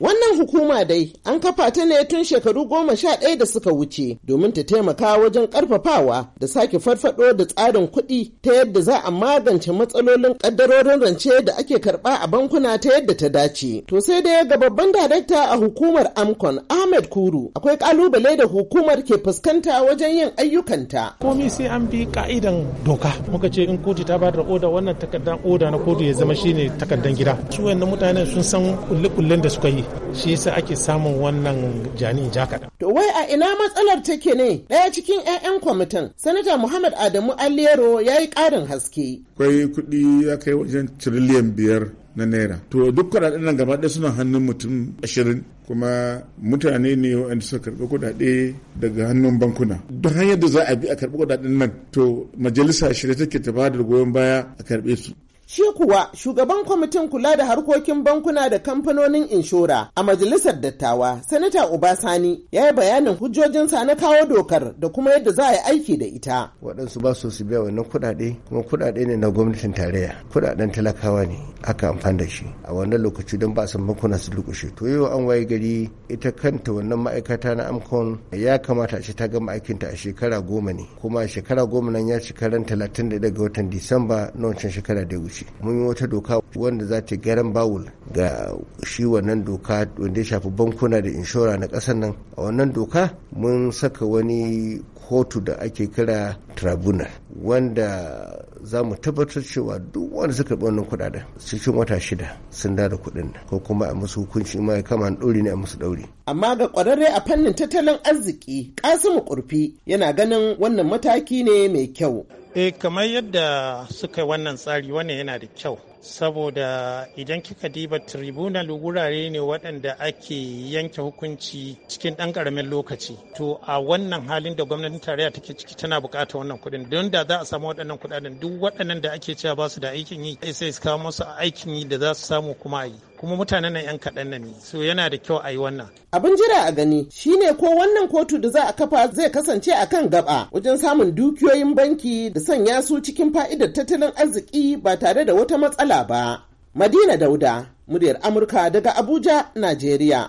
Wannan hukuma dai an kafa ta ne tun shekaru goma sha ɗaya da suka wuce domin ta taimaka wajen ƙarfafawa da sake farfaɗo da tsarin kuɗi ta yadda za a magance matsalolin ƙaddarorin rance da ake karɓa a bankuna ta yadda ta dace. To sai dai ga babban darakta a hukumar Amcon Ahmed Kuru akwai ƙalubale da hukumar ke fuskanta wajen yin ayyukanta. Komi sai an bi ka'idan doka. Muka ce in kotu ta ba da oda wannan takardar oda na kotu ya zama shine takardar gida. Su wayannan mutanen sun san kulle-kullen da suka yi. shi yasa ake samun wannan jani ja kaɗan. To wai a ina matsalar take ne ɗaya cikin 'ya'yan kwamitin sanata Muhammad Adamu Allero ya yi ƙarin haske. Kwai kuɗi ya kai wajen tiriliyan biyar na naira. To duk kuɗaɗen nan gaba ɗaya suna hannun mutum ashirin kuma mutane ne waɗanda suka karɓi kuɗaɗe daga hannun bankuna don hanyar da za a bi a karɓi kuɗaɗen nan to majalisa shirya take ta bada goyon baya a karɓe su Shi kuwa shugaban kwamitin kula da harkokin bankuna da kamfanonin inshora a majalisar dattawa, Sanata Obasani ya yi bayanin hujjojinsa na kawo dokar da kuma yadda za a yi aiki da ita. Waɗansu ba su su biya wannan kuɗaɗe, kuma kuɗaɗe ne na gwamnatin tarayya, kuɗaɗen talakawa ne aka amfani da shi a wannan lokaci don ba san bankuna su lukushe. To yau an waye gari ita kanta wannan ma'aikata na amkon ya kamata a ce ta gama aikinta a shekara goma ne, kuma shekara goma nan ya ci karan talatin da ga watan Disamba na wancan shekara da ya wuce. mun yi wata doka wanda za ta garan bawul ga shi wannan doka wanda ya shafi bankuna da inshora na ƙasar nan a wannan doka mun saka wani kotu da ake kira tribunal wanda za mu tabbatar cewa duk wanda suka karɓi wannan kuɗaɗen cikin wata shida sun da kuɗin ko kuma a musu hukunci ma ya kama ɗauri ne a musu ɗauri. Amma ga ƙwararre a fannin tattalin arziki Kasimu Kurfi yana ganin wannan mataki ne mai kyau. E kamar yadda suka wannan tsari wannan yana da kyau saboda idan kika diba tribunal wurare ne waɗanda ake yanke hukunci cikin ɗan ƙaramin lokaci to a wannan halin da gwamnatin tarayya take ciki tana buƙatar wannan kuɗin don da za a samu waɗannan kuɗaɗen duk waɗannan da ake cewa ba su da aikin yi sai su kawo masu aikin yi da za su samu kuma a yi kuma mutanen nan 'yan kaɗan nan ne so yana da kyau a yi wannan. abin jira a gani shine ko wannan kotu da za a kafa zai kasance a kan gaba wajen samun dukiyoyin banki da sanya su cikin fa'idar tattalin arziki ba tare da wata matsala ba madina dauda muryar amurka daga abuja najeriya